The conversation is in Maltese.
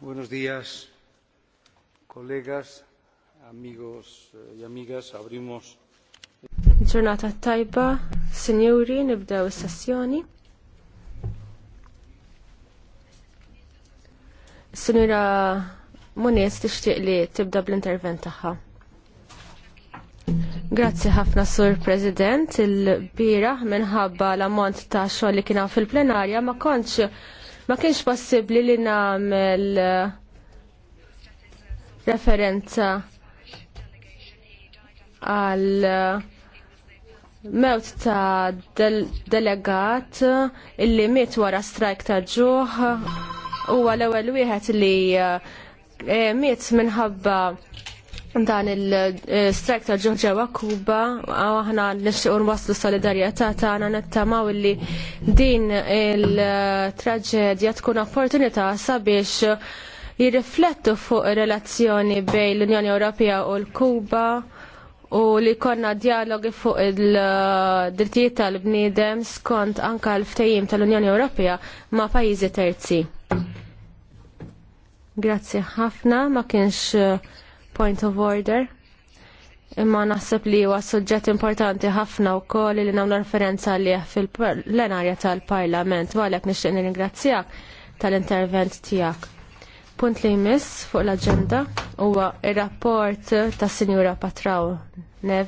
Buenos días, colegas, amigos eh, y amigas. Abrimos. Giornata tajba, signori, nibdew is-sessjoni. sunira Muniz tixtieq li tibda bl-intervent tagħha. Grazzi ħafna Sur President, il bira minħabba l-ammont ta' xogħol li kien fil-plenarja ma kontx ma kienx possibbli li nagħmel referenza għal mewt ta' del delegat illi miet wara strajk ta' ġuħ huwa l-ewwel wieħed li eh, eh, miet minħabba dan il strike ta' ġuħ ġewwa Kuba, aħna nixtiequ nwasslu solidarjetà tagħna nittamaw li din il-traġedja tkun opportunità sabiex jirriflettu fuq relazzjoni bejn l-Unjoni Ewropea u l-Kuba u li konna dialogi fuq il-drittijiet tal-bniedem skont anka l ftehim tal-Unjoni Ewropea ma' pajjiżi terzi. Grazzi ħafna, ma kienx eh, point of order. Imma naħseb li huwa suġġett importanti ħafna wkoll li nagħmlu referenza għalih fil-plenarja tal-Parlament u għalhekk nixtieq nirringrazzjak tal-intervent tiegħek. Punt li jmiss fuq l-aġenda huwa ir-rapport tas-Sinjura Patraw